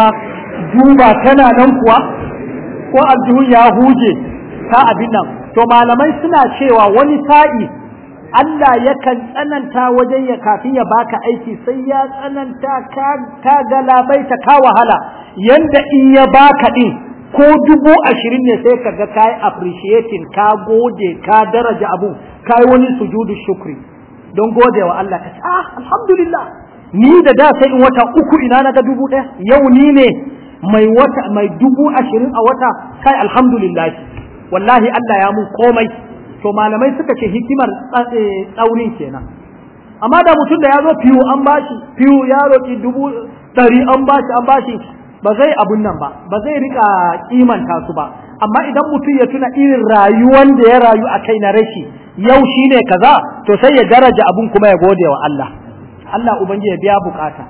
duba tana nan kuwa ko aljihu ya huje ta abin nan to malamai suna cewa wani sa'i Allah yakan tsananta wajen ya kafin ya baka aiki sai ya tsananta ka galabaita ka wahala yanda in ya baka din ko dubu ashirin ne sai ka ga kayi appreciating ka gode ka daraja abu ka yi wani sujudu shukri don gode wa Allah ka ah alhamdulillah ni da da sai in wata uku ina na ga dubu ɗaya yau ni ne mai wata mai dubu ashirin a wata kai alhamdulillah wallahi Allah ya mun komai to malamai suka ce hikimar eh, tsaurin kenan amma da mutum da ya zo fiyu an bashi fiyu ya roƙi dubu ɗari an bashi an bashi ba zai abun nan ba ba zai rika kiman su ba amma idan mutum ya tuna irin rayuwan da ya rayu a kai na rashi yau shine kaza to sai ya daraja abun kuma ya gode wa Allah Allah ubangiji ya biya bukata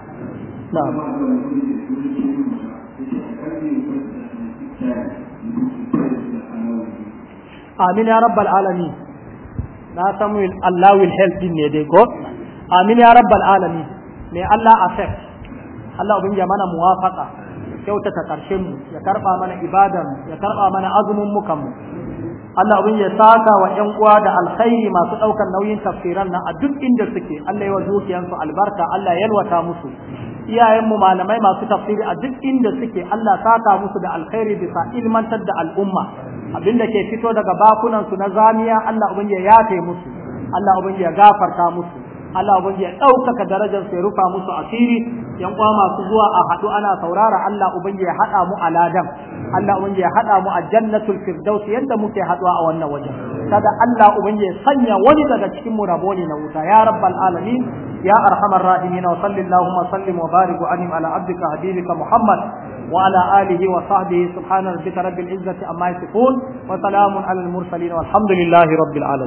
amin ya rabbal alami na san Allah will help din ne dai ko amin ya rabbal alami me Allah accept Allah ubin ya mana muwafaqa kyautata karshen mu ya karba mana ibadan ya karba mana azumin mu kanmu Allah ubin ya saka wa ƴan uwa da alkhairi masu daukar nauyin tafsiran nan a duk inda suke Allah ya wa zuciyansu albarka Allah ya yalwata musu iyayenmu malamai masu tafsiri a duk inda suke Allah saka musu da alkhairi bisa ilmantar da al'umma abinda ke fito daga bakunan su na zamiya Allah ubangiji ya yafe musu Allah ubangiji ya gafarta musu Allah ubangi ya ɗaukaka darajar sai rufa musu asiri yan kwa masu zuwa a hadu ana saurara Allah ubangi ya haɗa mu a ladan Allah ubangi ya haɗa mu a jannatul firdaus yanda muke haɗuwa a wannan wajen kada Allah ubangi ya sanya wani daga cikin mu rabo ne na wuta ya rabbal alamin ya arhamar rahimin wa sallallahu wa sallim wa barik wa anim ala abdika habibika muhammad وعلى آله وصحبه سبحان ربك رب العزة أما يصفون وسلام على المرسلين والحمد لله